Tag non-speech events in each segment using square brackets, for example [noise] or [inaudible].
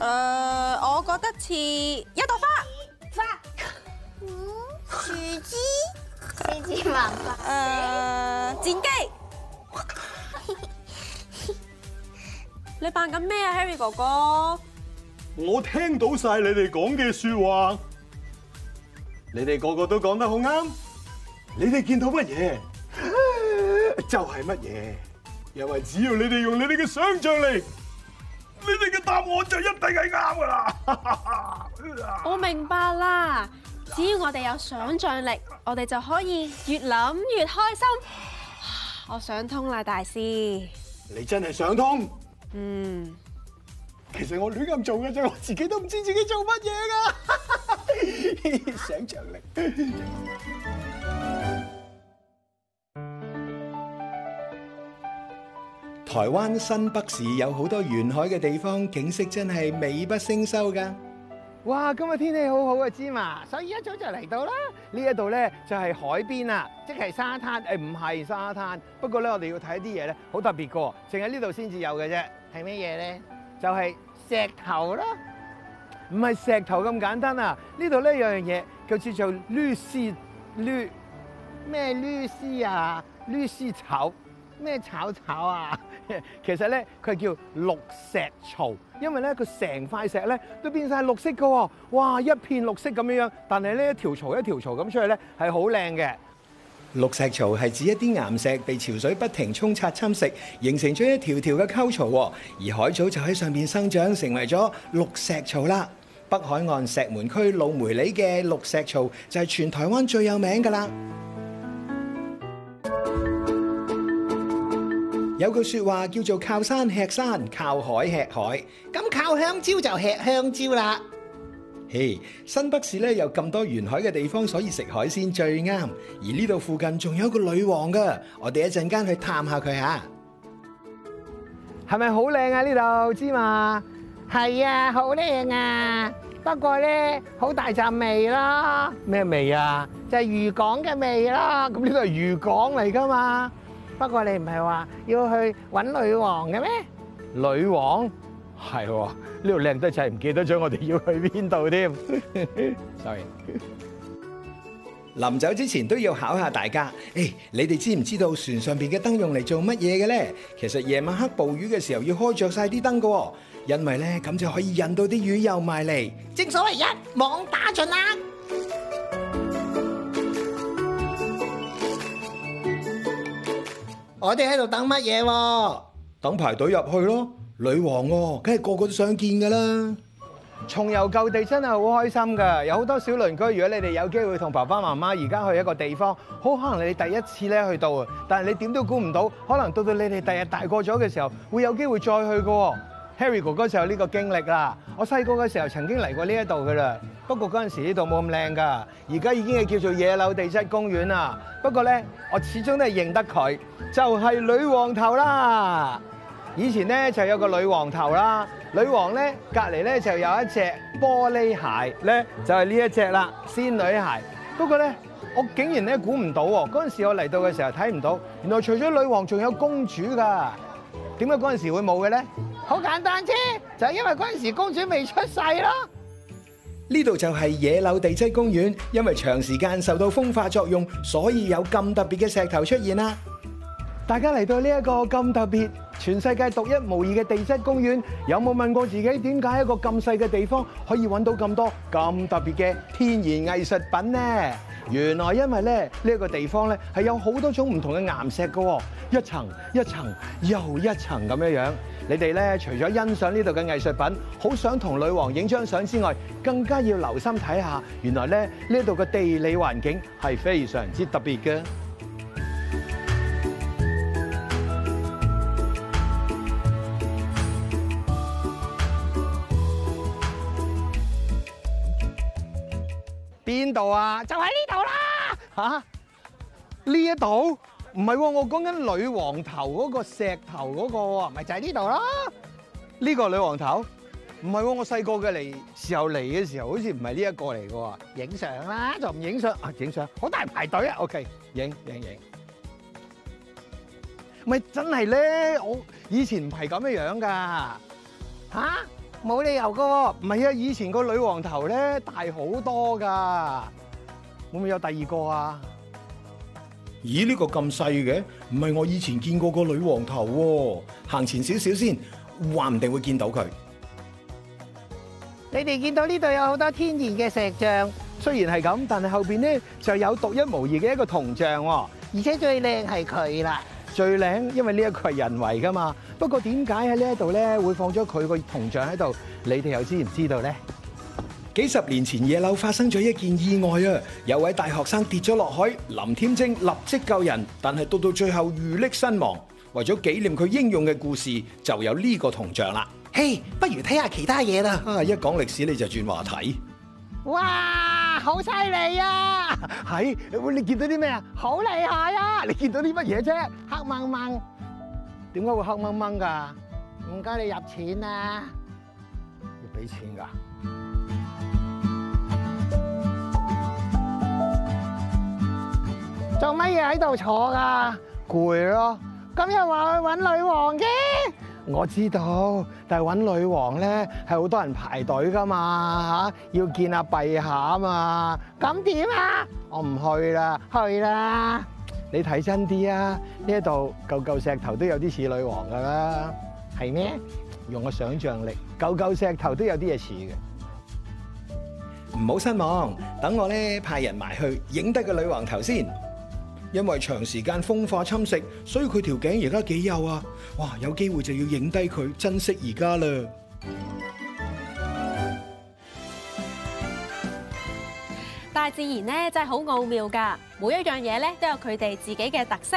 誒，uh, 我覺得似一朵花，花，樹、嗯、枝，四枝萬花，誒、uh,，戰機， [laughs] 你扮緊咩啊，Harry 哥哥？我聽到晒你哋講嘅說話，你哋個個都講得好啱，你哋見到乜嘢 [laughs] 就係乜嘢，因為只要你哋用你哋嘅想象嚟。你嘅答案就一定係啱噶啦！ [laughs] 我明白啦，只要我哋有想象力，我哋就可以越諗越開心。 [laughs] 我想通啦，大師。你真係想通？嗯，其實我亂咁做嘅啫，我自己都唔知自己做乜嘢噶。 [laughs] 想象像力。 [laughs] 台灣新北市有好多沿海嘅地方，景色真係美不勝收噶。哇，今日天，天氣好好啊，芝麻，所以一早就嚟到啦。呢一度咧就係、是、海邊啊，即係沙灘，誒唔係沙灘。不過咧，我哋要睇啲嘢咧，好特別嘅，淨係呢度先至有嘅啫。係咩嘢咧？就係石頭啦，唔係石頭咁簡單啊。呢度呢有樣嘢，叫做綠石槽，咩綠石啊？綠石槽。咩炒炒啊？其實咧，佢叫綠石槽，因為咧，佢成塊石咧都變晒綠色噶喎、哦，哇！一片綠色咁樣樣，但係呢一條槽一條槽咁出嚟咧，係好靚嘅。綠石槽係指一啲岩石被潮水不停沖刷侵蝕，形成咗一條條嘅溝槽，而海藻就喺上面生長，成為咗綠石槽啦。北海岸石門區老梅里嘅綠石槽就係全台灣最有名噶啦。有句說話叫做靠山吃山，靠海吃海，咁靠香蕉就吃香蕉啦。嘿，hey，新北市咧有咁多沿海嘅地方，所以食海鮮最啱。而呢度附近仲有一個女王噶，我哋一陣間去探下佢吓。係咪好靚啊？呢度芝麻係啊，好靚啊。不過咧，好大陣味咯。咩味啊？就係、是、漁港嘅味啦。咁呢度係漁港嚟噶嘛？不過你唔係話要去搵女王嘅咩？女王係呢度靚得滯，唔記得咗我哋要去邊度添？sorry。臨走之前都要考下大家，誒，你哋知唔知道船上邊嘅燈用嚟做乜嘢嘅咧？其實夜晚黑捕魚嘅時候要開著晒啲燈㗎，因為咧咁就可以引到啲魚游埋嚟。正所謂一網打盡啦！我哋喺度等乜嘢？等排隊入去咯，女王喎，哦，梗係個個都想見噶啦。重遊舊地真係好開心噶，有好多小鄰居。如果你哋有機會同爸爸媽媽而家去一個地方，好可能你哋第一次咧去到，啊，但係你點都估唔到，可能到到你哋第日大個咗嘅時候，會有機會再去噶。Harry 哥哥就有呢個經歷啦，我細個嘅時候曾經嚟過呢一度噶啦。不過嗰陣時呢度冇咁靚噶，而家已經係叫做野柳地質公園啦。不過呢，我始終都係認得佢，就係女王頭啦。以前呢，就有個女王頭啦，女王呢，隔離呢，就有一隻玻璃鞋呢，就係呢一隻啦，仙女鞋。不過呢，我竟然咧估唔到喎，嗰時我嚟到嘅時候睇唔到，原來除咗女王仲有公主㗎。點解嗰陣時會冇嘅呢？好簡單啫，就係因為嗰陣時公主未出世咯。呢度就係野柳地質公園，因為長時間受到風化作用，所以有咁特別嘅石頭出現啦。大家嚟到呢一個咁特別。全世界獨一無二嘅地質公園，有冇問過自己點解一個咁細嘅地方可以揾到咁多咁特別嘅天然藝術品呢？原來因為咧呢個地方咧係有好多種唔同嘅岩石嘅，一層一層又一層咁樣樣。你哋咧除咗欣賞呢度嘅藝術品，好想同女王影張相之外，更加要留心睇下，原來咧呢度嘅地理環境係非常之特別嘅。邊度啊？就喺呢度啦！吓？呢一度唔係喎，我講緊女王頭嗰個石頭嗰個喎，咪就喺呢度咯。呢個女王頭？唔係喎，我細個嘅時候嚟嘅時候，好似唔係呢一個嚟嘅喎。影相啦，就唔影相啊！影相，好大排隊啊！OK，影影影。咪真係咧，我以前唔係咁嘅樣噶，吓？冇理由噶，唔係啊！以前個女王頭咧大好多噶，會唔會有第二個啊？咦，呢個咁細嘅，唔係我以前見過個女王頭喎。行前少少先，話唔定會見到佢。你哋見到呢度有好多天然嘅石像，雖然係咁，但係後邊咧就有獨一無二嘅一個銅像，而且最靚係佢啦。最靚，因為呢一個係人為噶嘛。不過點解喺呢一度咧會放咗佢個銅像喺度？你哋又知唔知道呢？幾十年前野柳發生咗一件意外啊！有位大學生跌咗落海，林添禎立即救人，但係到到最後遇溺身亡。為咗紀念佢英勇嘅故事，就有呢個銅像啦。嘿，hey, 不如睇下其他嘢啦。一講歷史你就轉話題。哇！好犀利啊！係，你見到啲咩啊？好厲害啊！你見到啲乜嘢啫？黑掹掹，點解會黑掹掹噶？唔該你入錢啊！要俾錢噶？做乜嘢喺度坐噶？攰咯，今日話去搵女王啫。我知道，但係搵女王咧係好多人排隊噶嘛，吓、啊、要見阿陛下啊嘛，咁點啊？我唔去啦，去啦，你睇真啲啊！呢度嚿嚿石頭都有啲似女王噶啦，係咩？用個想象力，嚿嚿石頭都有啲嘢似嘅。唔好失望，等我咧派人埋去影得個女王頭先。因為長時間風化侵蝕，所以佢條頸而家幾幼啊！哇，有機會就要影低佢，珍惜而家啦。大自然咧真係好奧妙噶，每一樣嘢咧都有佢哋自己嘅特色，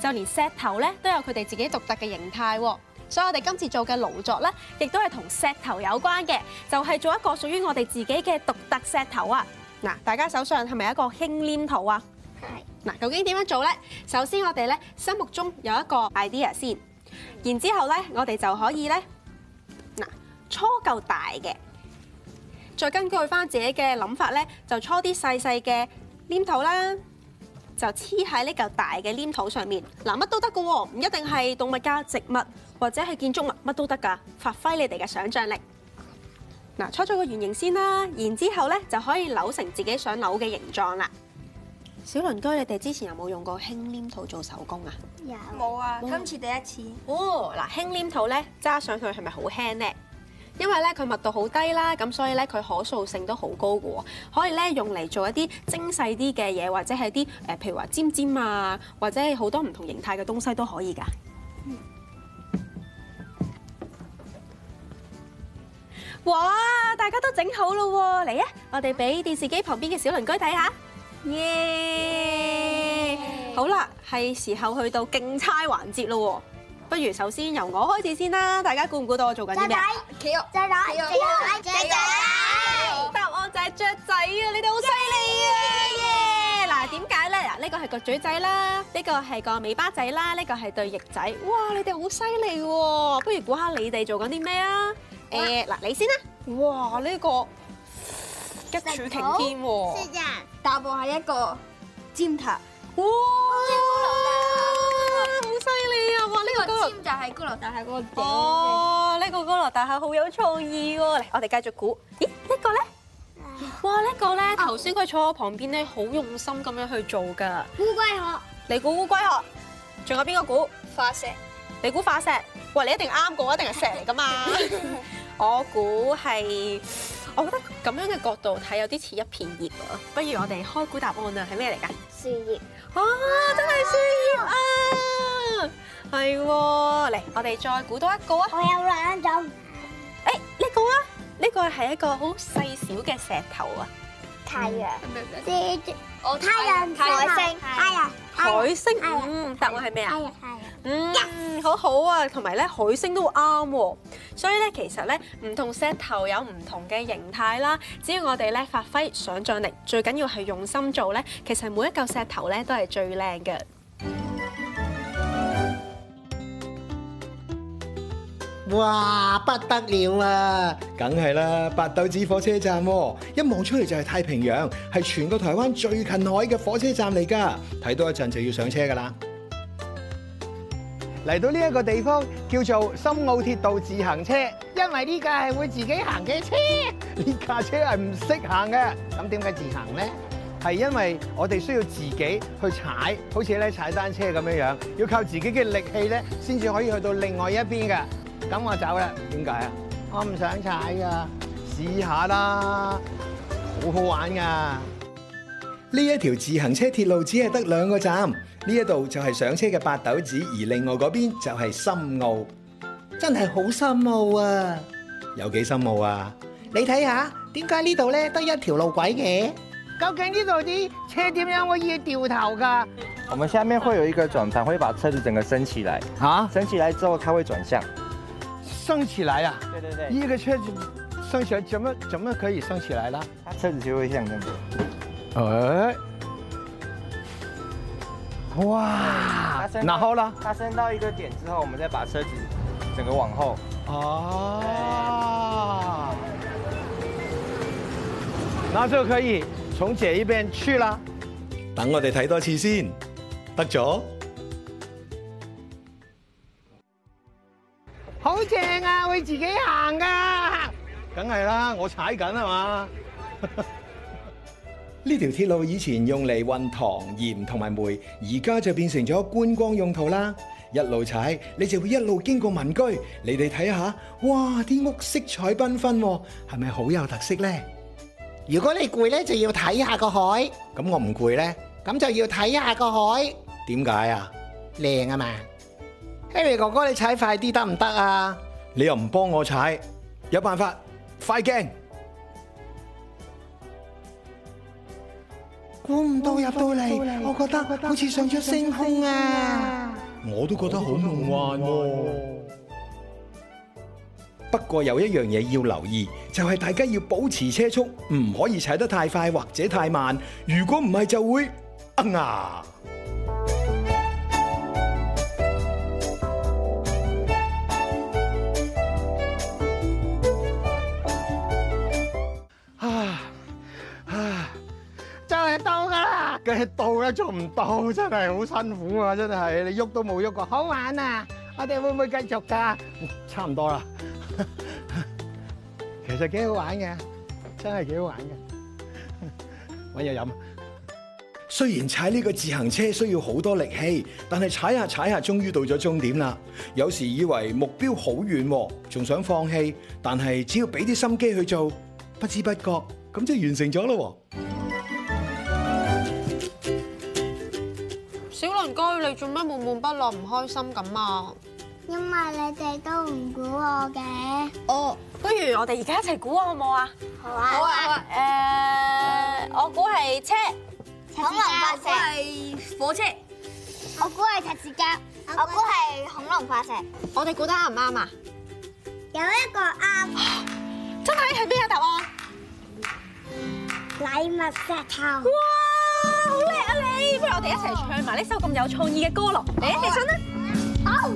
就連石頭咧都有佢哋自己獨特嘅形態。所以我哋今次做嘅勞作咧，亦都係同石頭有關嘅，就係做一個屬於我哋自己嘅獨特石頭啊！嗱，大家手上係咪一個輕黏土啊？係。嗱，究竟點樣做咧？首先我哋咧心目中有一個 idea 先，然之後咧我哋就可以咧，嗱搓嚿大嘅，再根據翻自己嘅諗法咧，就搓啲細細嘅黏土啦，就黐喺呢嚿大嘅黏土上面。嗱，乜都得㗎喎，唔一定係動物加植物，或者係建築物，乜都得噶，發揮你哋嘅想像力。嗱，搓咗個圓形先啦，然之後咧就可以扭成自己想扭嘅形狀啦。小鄰居，你哋之前有冇用過輕黏土做手工啊？有冇啊？今次第一次。哦，嗱，輕黏土咧揸上去係咪好輕呢？因為咧佢密度好低啦，咁所以咧佢可塑性都好高嘅，可以咧用嚟做一啲精細啲嘅嘢，或者係啲誒，譬如話尖尖啊，或者係好多唔同形態嘅東西都可以噶。哇、嗯！大家都整好啦喎，嚟啊！我哋俾電視機旁邊嘅小鄰居睇下。耶！好啦，係時候去到競猜環節咯，不如首先由我開始先啦。大家估唔估到我做緊啲咩？雀仔、雀仔、雀仔、雀仔。答案就係雀仔啊！你哋好犀利啊！耶！嗱，點解咧？嗱，呢個係個嘴仔啦，呢個係個尾巴仔啦，呢個係對翼仔。哇！你哋好犀利喎！不如估下你哋做緊啲咩啊？誒，嗱，你先啦。哇！呢個。一柱擎天喎，大部係一個尖塔，哇！好犀利啊！哇，呢、呢個尖就係高樓大廈嗰，呢個頂。哦，呢個高樓大廈好有創意喎！嚟，我哋繼續估。咦、欸，呢個、呢個咧？哇，呢個、呢個咧！頭先佢坐我旁邊咧，好用心咁樣去做噶。烏龜殼，你估烏龜殼？仲有邊個估？化石，你估化石？喂，你一定啱過，一定係蛇噶嘛！ [laughs] 我估係。我覺得咁樣嘅角度睇有啲似一片葉啊，不如我哋開估答案啊，係咩嚟㗎？樹葉？啊，真係樹葉啊，係喎，嚟我哋再估多一個啊。我有兩種，誒呢個啊，呢個係一個好細小嘅石頭啊。太陽。咩咩咩？哦，太陽、海星、太陽、海星，嗯，答案係咩啊？係係。嗯，好好啊，同埋咧，海星都啱喎。所以咧，其實咧，唔同石頭有唔同嘅形態啦。只要我哋咧發揮想象力最緊要係用心做咧。其實每一嚿石頭咧都係最靚嘅。哇，不得了啊！梗係啦，八斗子火車站，啊，一望出嚟就係太平洋，係全個台灣最近海嘅火車站嚟噶。睇多一陣就要上車噶啦。嚟到呢一個地方叫做深澳鐵道自行車，因為呢架係會自己行嘅車，呢架車係唔識行嘅。咁點解自行呢？係因為我哋需要自己去踩，好似咧踩單車咁樣樣，要靠自己嘅力氣咧，先至可以去到另外一邊嘅。咁我走啦，點解啊？我唔想踩噶，試下啦，好好玩噶。呢一條自行車鐵路只係得兩個站，呢一度就係上車嘅八斗子，而另外嗰邊就係深澳，真係好深澳啊！有幾深澳啊？你睇下點解呢度咧得一條路軌嘅？究竟呢度啲車點樣可以掉頭㗎？我們下面會有一個轉盤，會把車子整個升起來。啊！升起來之後，它會轉向。升起來啊？對對對，呢個車子升起來，怎麼怎麼可以升起來啦？車子就會像這樣。哎！哇！然後啦，發生到一個點之後，我們再把車子整個往後，哦，那就可以從這一邊去啦。等我哋睇多次先，得咗。好正啊，會自己行噶。梗係啦，我踩緊啊嘛。 [laughs] 呢條鐵路以前用嚟運糖鹽同埋煤，而家就變成咗觀光用途啦。一路踩，你就會一路經過民居。你哋睇下，哇！啲屋色彩繽紛，係咪好有特色呢？如果你攰呢，就要睇下個海。咁我唔攰呢，咁就要睇下個海。點解啊？靚啊嘛！Harry 哥哥，你踩快啲得唔得啊？行行你又唔幫我踩，有辦法快驚？估唔到入到嚟，我覺得好似上咗星空啊！我都覺得好夢幻、啊、 [music] 不過有一樣嘢要留意，就係、是、大家要保持車速，唔可以踩得太快或者太慢。如果唔係，就會啊嗱。到都做唔到，真係好辛苦啊！真係你喐都冇喐過，好玩啊！我哋會唔會繼續㗎？差唔多啦，其實幾好玩嘅，真係幾好玩嘅。搵嘢飲。雖然踩呢個自行車需要好多力氣，但係踩下踩下，終於到咗終點啦。有時以為目標好遠，仲想放棄，但係只要俾啲心機去做，不知不覺咁就完成咗啦喎。唔該，你做咩悶悶不樂、唔開心咁啊？因為你哋都唔估我嘅。哦，不如我哋而家一齊估好唔好啊？好啊！好啊！誒，我估係車，恐龍化石，火車。我估係十字架，我估係恐龍化石。我哋估得啱唔啱啊？有一個啱。真係係邊個答案？禮物石頭。好叻啊你， [music] 不如我哋一齊唱埋呢首咁有創意嘅歌咯。誒的，你想？好！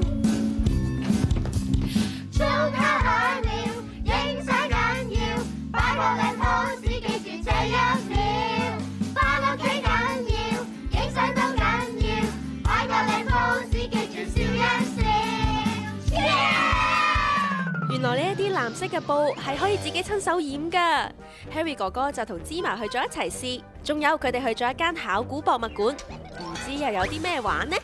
藍色嘅布係可以自己親手染噶，Harry 哥哥就同芝麻去咗一齊試，仲有佢哋去咗一間考古博物館，唔知又有啲咩玩呢？